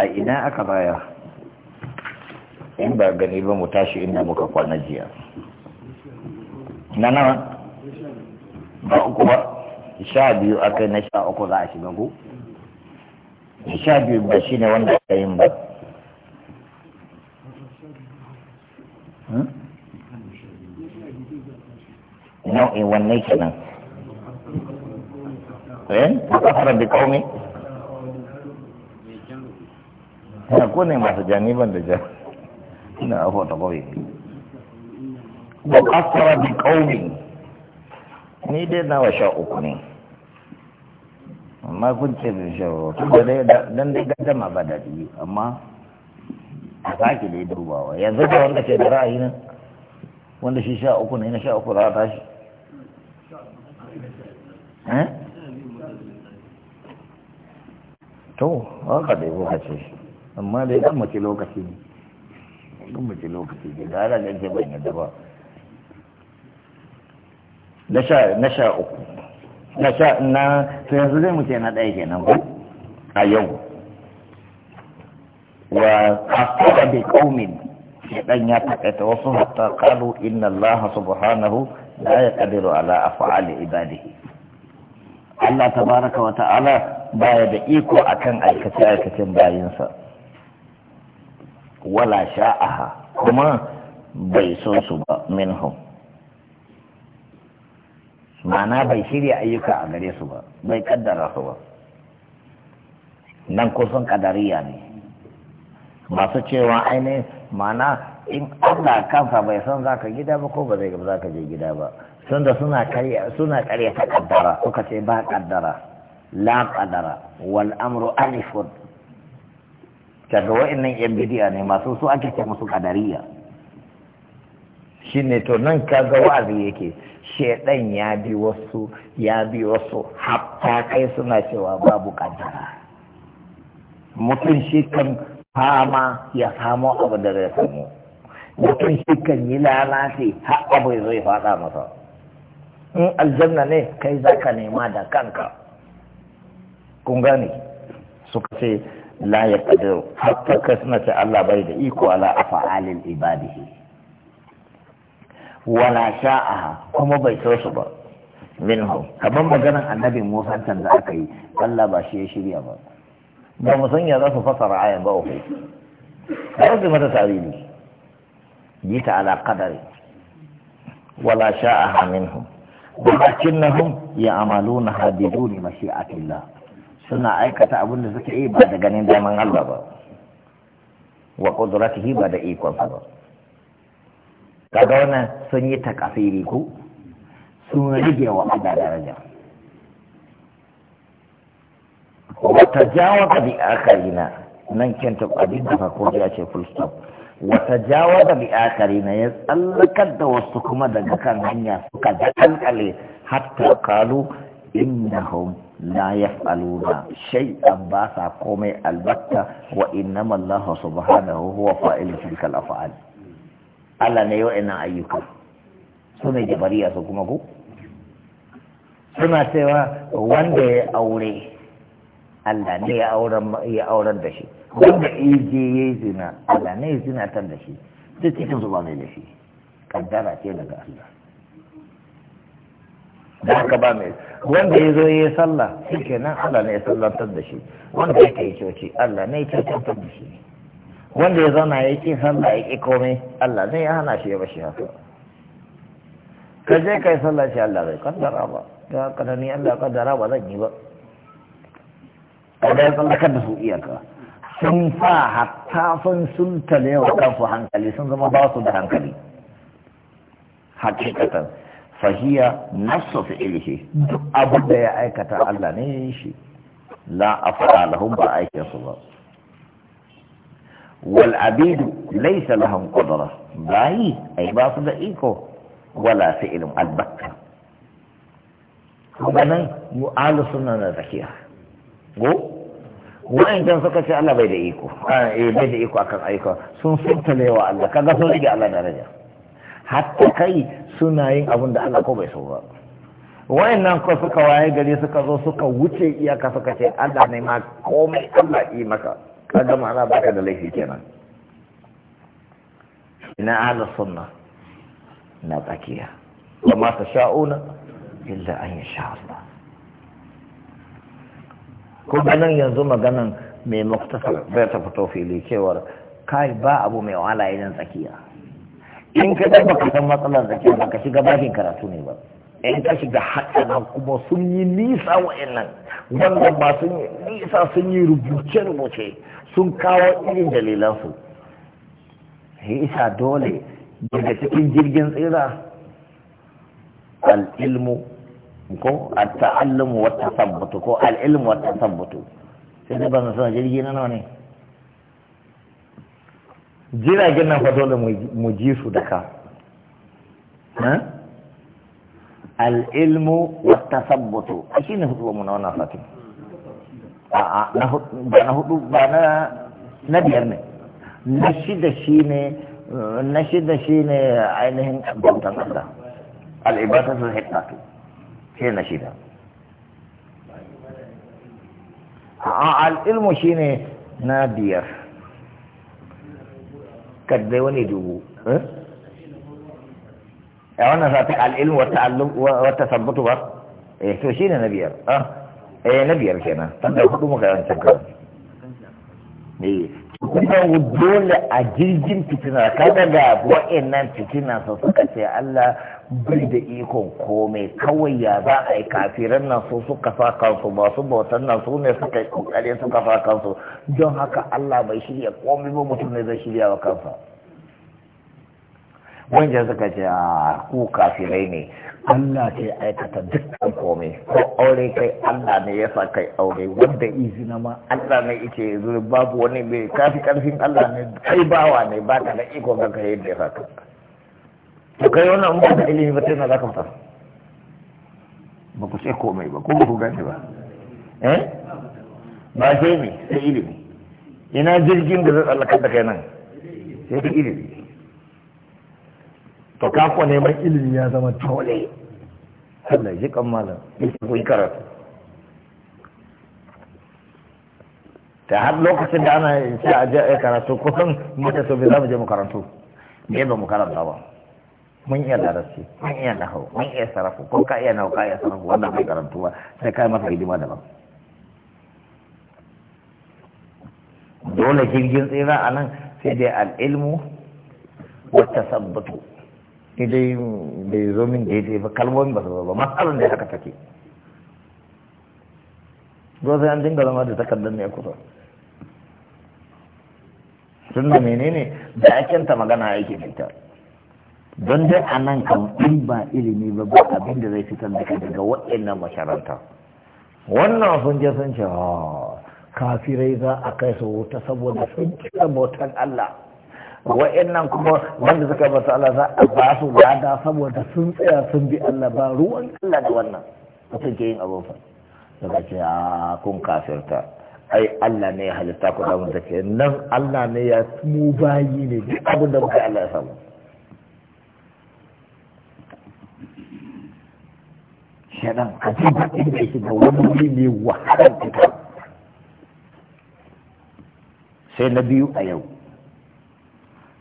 a ina aka baya in ba gani ba mu tashi inda muka kwana jiya na nawa ba uku ba sha biyu aka na sha uku za a shiga ku sha biyu ba shi ne wanda aka yin ba hmm? nau'in wannan kenan eh aka fara bi kaumi na ko ne masu jani ban da ja ina a ta kawai wa kasara bi qaumi ni dai wa sha uku ne amma kun ce bin sha uku tun da dai dan dai gaddama ba da biyu amma a sake dai dubawa yanzu da wanda ke da ra'ayi nan wanda shi sha uku ne na sha uku za ta shi eh? to haka dai kuka ce amma dai ɗan mace lokaci ne ɗan mace lokaci ne da ala ganin ban yadda ba na sha na sha uku na sha na to yanzu zai mutu yana ɗaya kenan ba a yau wa asaba bi qaumin shedan ya taƙaita wasu hatta qalu inna Allah subhanahu la ƙadiru ala afa'ali ibadihi Allah tabaraka wa ta'ala baya da iko akan aikace aikacen bayansa. wala sha'aha kuma bai so su ba minhum ma'ana bai shirya ayyuka a gare su ba bai kaddara su ba nan kusan kadariya ne masu cewa ainihin ma'ana in allah kansa bai san za ka gida ba ko ba zai za ka je gida ba sun da suna karya suna karya ta kaddara suka ce ba kaddara la kaddara wal amru alifun kaga wa'annan yan bidiya ne masu su ake ce musu kadariya shine to nan kaga wa'azi yake shedan ya bi wasu ya bi wasu hatta kai suna cewa babu kaddara mutum shi kan fama ya samo abu da zai samu mutum shi kan yi lalace har abu zai faɗa masa in aljanna ne kai za ka nema da kanka kun gane suka ce la ya kadiru hatta kasance Allah bai da iko ala a fa'alin ibadihi wala sha'aha kuma bai so su ba minhu kamar maganar annabi Musa can da aka yi Allah ba shi ya shirya ba ba mu san ya za su fasara ayan ba uku ba su mata tarihi yi ta ala qadari wala sha'aha Minhu. minhum walakinnahum ya'maluna hadiduni mashi'atillah suna aikata abin da suka yi ba da ganin daman Allah ba wa qudratihi ba da ikon ba kaga wannan sun yi takasiri ko sun rige wa Allah daraja wa tajawaza bi akarina nan kenta abin da ko ya ce full stop wa tajawaza bi akarina ya tsallakar da wasu kuma daga kan hanya suka dakalkale hatta kalu innahum la yaf'aluna shay'an ba sa komai albatta wa innama Allah subhanahu huwa fa'il tilka al-af'al Allah ne ina ayyuka su ne jabariya su kuma ku suna cewa wanda ya aure Allah ne ya auren da shi wanda ije ya zina Allah ne ya tan da shi duk cikin su ba ne da shi kaddara ce daga Allah da haka ba mai wanda ya zo ya sallah shi kenan Allah ne ya sallantar da shi wanda ya kai coci Allah ne ya cancantar da shi wanda ya zauna ya ƙi sallah ya ki komai Allah ne ya hana shi ya bashi haka ka je kai sallah shi Allah zai kaddara ba da haka da ni Allah kaddara ba zan yi ba kada ya tsallakar da su iyaka sun fa hatta sun sultale wa kansu hankali sun zama ba su da hankali hakikatan fahiya nafsu fi'ilihi duk abin da ya aikata Allah ne shi la afala lahum ba aikin su ba wal abidu laysa lahum qudra bayi ai ba su da iko wala fi'lun albatta kuma nan mu ahlu sunna na zakiya go wa'ancan suka ce Allah bai da iko ah, eh, bai da iko akan aika sun suntalewa Allah kaga sun rige Allah daraja hatta kai suna yin abin da Allah ko bai so ba wayannan ko suka waye gari suka zo suka wuce iyaka suka ce Allah ne ma komai Allah yi maka kaga ma'ana baka da laifi kenan ina ala sunna na tsakiya wa ma tasha'una illa an yasha Allah ko nan yanzu maganan mai muktasar bai ta fito fili cewar kai ba abu mai wahala idan tsakiya in ka dai baka san matsalar da ke ba ka shiga bashin karatu ne ba in ka shiga haɗin kuma sun yi nisa wa'annan wanda ba sun yi nisa sun yi rubuce-rubuce sun kawo irin dalilansu isa dole daga cikin jirgin tsira al'ilmu ko al-ta'allumu wa tasabbutu ko al-ilmu wa tasabbutu sai da ban san jirgi na nawa ne jiragen nan fa dole mu ji su da ka al'ilmu wata sabbato a shi ne hudu mu na wannan satin ba na hudu ba na na biyar ne na shida shi ne na shida shi ne ainihin bautan ƙasa al'ibata su hittatu shi na shida al'ilmu shi ne na biyar kaddai wani dubu eh? a wannan sa ta al'ilmu wata ta'allum wa tasabbutu ba eh to ne na biyar ah? eh na biyar kenan tunda hudu muka yawancin kan eh kuma dole a jirgin fitina kada ga wa'annan fitina su suka ce Allah bai da ikon komai kawai ya za a yi kafiran nan su suka sa kansu masu bautan nan su ne suka yi kokari suka sa kansu don haka Allah bai shirya komai ba mutum ne zai shirya wa kansa wanda suka ce a ku kafirai ne Allah ke aikata dukkan komai ko aure kai Allah ne ya sa kai aure wanda izina ma Allah ne yake babu wani mai kafi karfin Allah ne kai bawa ne baka da iko ga kai yadda ya to kai wannan ba ka ilimi ba sai na ka fita ba ku sai komai ba ko ku gane ba eh ba sai ne sai ilimi ina jirgin da zai tsallakar da kai nan sai ta ilimi to ka kuwa neman ilimi ya zama tole Allah ji kan malam ya ku karatu ta har lokacin da ana sai a je karatu kusan mutane so bai za mu je mu karatu ne ba mu karanta ba mun iya larasi mun iya nahu, mun iya sarrafu ko ka iya nahu, ka iya sarrafu wannan bai karantuwa sai kai masa hidima daban dole jirgin tsira a nan sai dai al'ilmu wata sabbatu idai bai zo min daidai ba kalmomi ba su zo ba matsalar da haka take zo sai an dinga zama da takardar ne kusa tun da menene da akenta magana aiki fitar ita don dai a nan kan in ba ilimi ba ba abin da zai fitar da daga waɗannan masharanta wannan sun je sun ce ah, kafirai za a kai su wuta saboda sun kira bautan Allah waɗannan kuma wanda suka basu Allah za a ba su lada saboda sun tsaya sun bi Allah ba ruwan Allah da wannan ke yin abin fa suka ce a ah, kun kafirta ai Allah ne ya halitta ku da mun take nan Allah ne ya mu bayi ne duk abin da muka Allah ya samu kenan ka ci bakin da shi da wani wuri ne wahalar fita sai na biyu a yau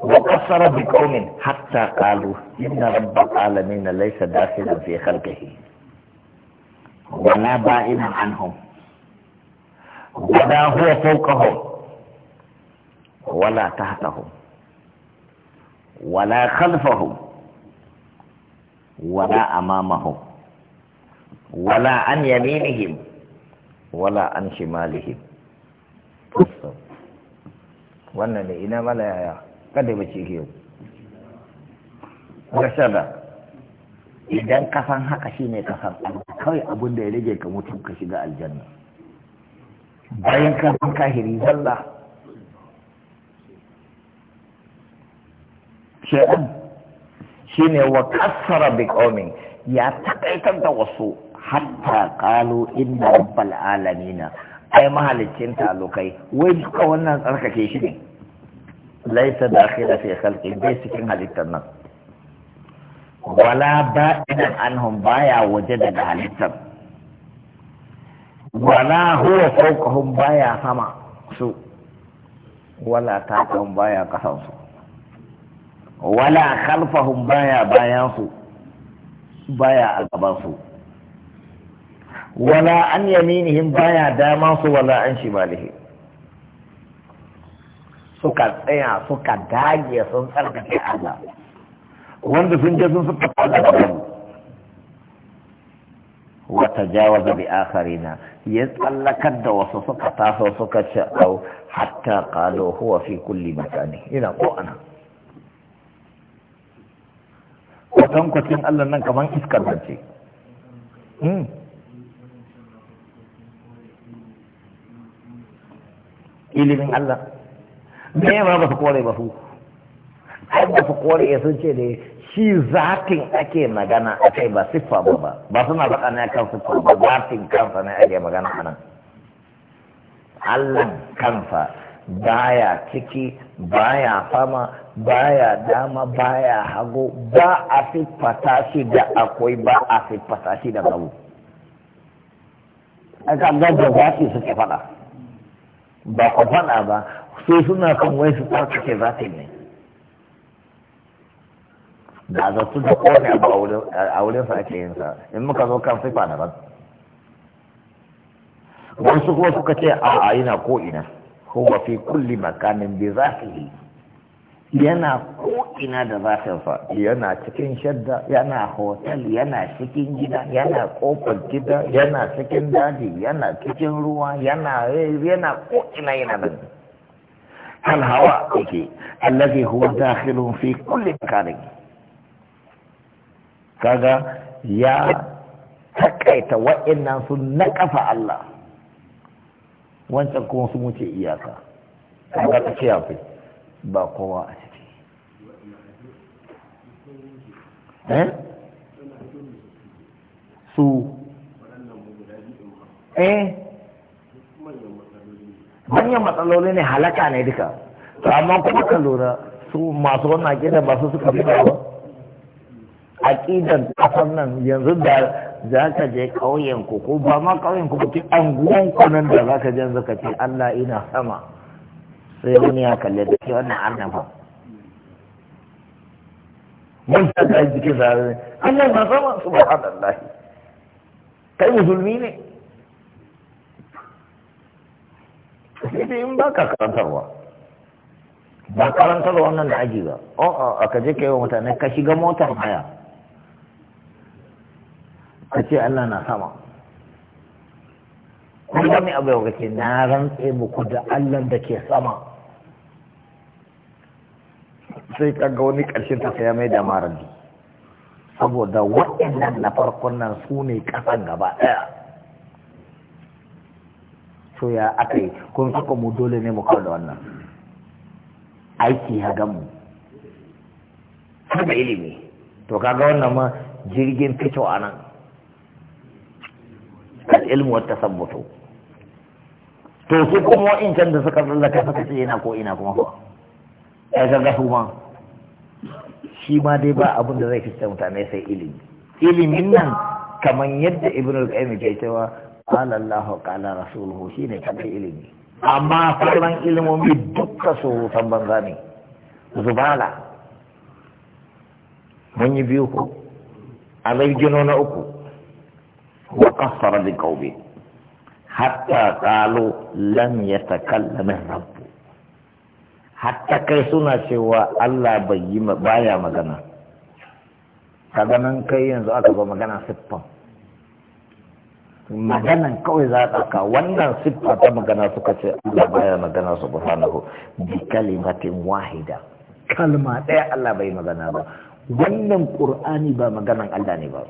wa kasara bi qaumin hatta qalu inna rabbal alamin laysa dakhilan fi khalqihi wa la ba'ina anhum wa la huwa fawqahum wa la tahtahum wa la khalfahum wa la amamahum wala an yaminihim wala an shimalihim wannan ne ina mala yaya kada ba ce yau rashada idan kafan haka shine kafan kawai abin da ya rage ka mutum ka shiga aljanna bayan kafan kahiri zalla shi shine wa kassara bikomin ya takaitar da wasu hatta kalu inna rabbal alamina ai mahalicin talokai wai duka wannan tsarkake shi ne laisa da fi khalqi bai cikin halittar nan wala ba'inan anhum baya waje daga halittar wala huwa fawqahum baya sama su wala taqahum baya kasan su wala khalfahum baya bayan su baya a gaban su wala an yaminihim baya dama su wala an shimalihi suka tsaya suka dage sun tsarkake Allah wanda sun je sun suka fada da wa tajawaza bi akharina ya tsallakar da wasu suka taso suka ce au hatta qalu huwa kulli ina Allah nan kamar iskar zance hmm. ilimin Allah me ma ba su kore ba su har ba su kore eh, sun ce ne shi zafin ake magana a kai ba siffa ba ba ba suna faɗa ne kan siffa ba zatin kansa ne ake magana a nan Allah kansa baya ciki baya fama baya dama baya hago ba a siffata shi da akwai ba a siffata shi da babu a kan da zafi suke faɗa ba ku faɗa ba so suna kan wai su tsarkake zatin ne da za su da kone a wurin sa ake yin sa in muka zo kan sifa na ban wasu kuma suka ce a a yana ko ina ba fi kulli makanin bi yi. yana ko'ina da fa yana cikin shadda yana hotel yana cikin gida yana kofar gida yana cikin daji yana cikin ruwa yana yana ko'ina yana nan hal hawa yake allazi huwa dakhilun fi kulli makanin kaga ya takaita wa'annan sun na kafa Allah wancan kuma su wuce iyaka kaga ta ce ba kowa a ciki eh? su eh manyan matsaloli ne halaka ne duka to amma kuma ka lura su masu wannan aƙidar ba su suka fi ba aƙidar kasar nan yanzu da za ka je ƙauyenku ko ba ma ƙauyenku ba ke anguwanku nan da za ka je yanzu ka ce Allah ina sama sai wani ya kalle da ke wannan annaba mun ta ga jikin sa Allah na sama subhanallah kai musulmi ne sai dai in baka karantarwa ba karantar wannan da aji ba a aka je kai wa mutane ka shiga motar haya ka ce Allah na sama kun ga mai abu yau kake na rantse muku da Allah da ke sama sai ka ga wani ƙarshen ta sai mai da maradi saboda waɗannan na farkon nan su ne ƙasan gaba ɗaya so ya aka yi kun suka mu dole ne mu kawo da wannan aiki ya gamu saboda ilimi to kaga wannan ma jirgin fito a nan al'ilmu wata sabbato to su kuma can da suka tsallaka suka ce yana ko ina kuma ko ya ga gasu ma shi ma dai ba abin da zai fita mutane sai ilimi ilimin nan kamar yadda ibn al-qayyim ke cewa qala Allah qala rasuluhu shine kamar ilimi amma sauran ilimomi dukka su san banza ne zubala mun yi biyu ko alai na uku wa qassara bi qawmi hatta qalu lam yatakallam rabb hatta kai suna cewa Allah bai yi baya magana kaga nan kai yanzu aka ba magana siffan maganan kawai za ka wannan siffa ta magana suka ce Allah baya magana su subhanahu bi kalimatin wahida kalma ɗaya Allah bai magana ba wannan ƙur'ani ba maganan Allah ne ba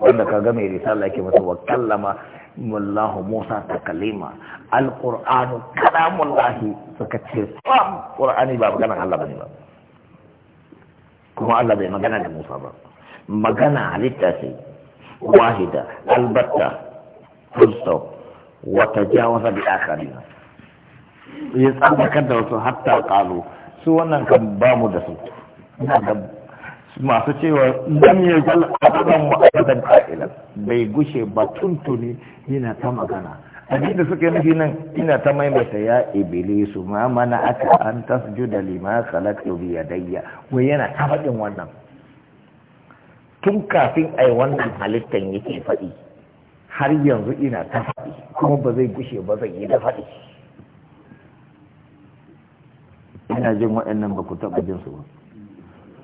wanda kaga mai risala yake masa wa kallama wallahu Musa takalima alqur'anu kalamullahi suka ce sam qur'ani ba magana Allah bane ba kuma Allah bai magana da Musa ba magana halitta ce wahida albatta full stop wa tajawaza bi akharina ya tsabakar da wasu hatta kalu su wannan kan ba mu da su ina da masu cewa nan ya gal abubuwan ma'aikatan qa'ilan bai gushe ba tuntuni yana ta magana abin da suka nufi nan ina ta maimaita ya ibili su ma mana aka an juda lima salatu biya yadayya wai yana ta faɗin wannan tun kafin ai wannan halittan yake faɗi har yanzu ina ta faɗi kuma ba zai gushe ba zai yi da faɗi ina jin waɗannan ba ku taɓa jin su ba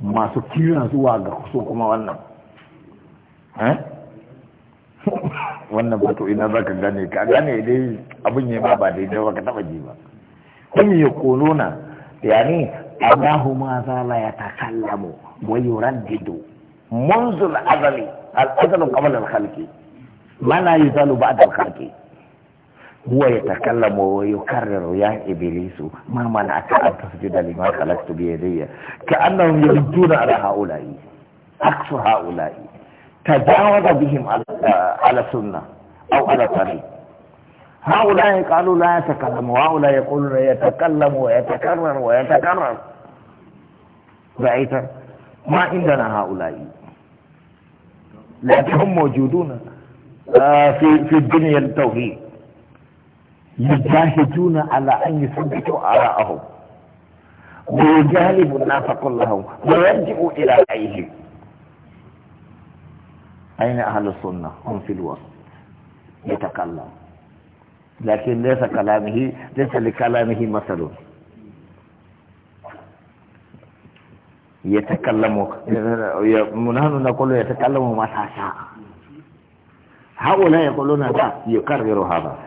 masu kiran zuwa ga su kuma wannan eh? wannan batu ina za ka gane ka gane dai abin ya ma ba dai, ba ka taba ji ba kun yi kolona yani Allahu ma za la ya takallamu wa yuraddidu منذ الأزل al قبل الخلق yi لا يزال al الخلق هو يتكلم ويكرر يا إبليس ما منعك أن تسجد لما خلقت بيدي كأنهم يردون على هؤلاء عكس هؤلاء تجاوز بهم على سنة أو على طريق هؤلاء قالوا لا يتكلم وهؤلاء يقولون يتكلم ويتكرر ويتكرر رأيت ما عندنا هؤلاء لكنهم موجودون آه، في في الدنيا التوحيد يجاهدون على أن يثبتوا آراءهم ويجالبوا الناس كلهم ويلجؤوا إلى رأيه أين أهل السنة هم في الوسط يتكلم لكن ليس كلامه ليس لكلامه مثل يتكلم نحن نقول يتكلم ما شاء هؤلاء يقولون لا يكرر هذا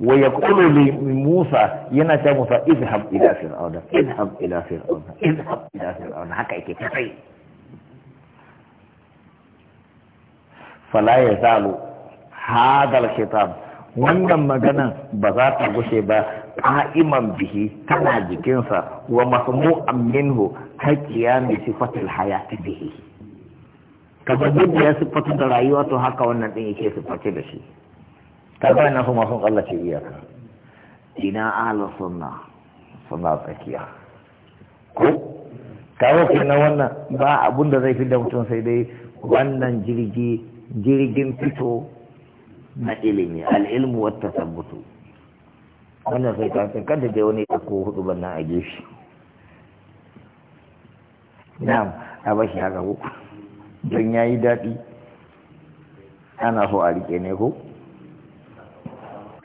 wa yaqulu li Musa yana ta Musa izhab ila fir'auna izhab ila fir'auna izhab ila fir'auna haka yake ta fala yazalu hadal khitab wannan magana ba za ta gushe ba ka'iman bihi tana jikinsa wa masmu minhu haqiya ne sifatul hayati bihi kaga duk ya sifatu da rayuwa to haka wannan din yake sifatu da shi ta kuma sun kalla tsallake iyaka ina ahalar sunna suna tsakiya ko kawo na wannan ba abun da zai fi da mutum sai dai wannan jirgi jirgin fito na ilimi al'ilmu wata tabbutu wannan sai ta sai kada dai wani ko hudu bannan a gefe Na a bashi haka ko don ya yi daɗi ana so a rike ne ko